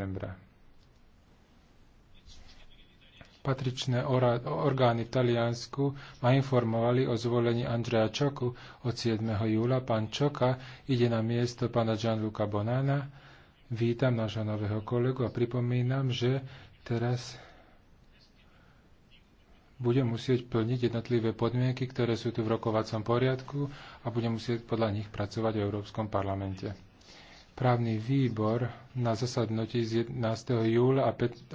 septembra. Patričné orgány v Taliansku ma informovali o zvolení Andrea Čoku od 7. júla. Pán Čoka ide na miesto pána Gianluca Bonana. Vítam nášho nového kolegu a pripomínam, že teraz bude musieť plniť jednotlivé podmienky, ktoré sú tu v rokovacom poriadku a bude musieť podľa nich pracovať v Európskom parlamente právny výbor na zasadnutí z 11. júla a 5.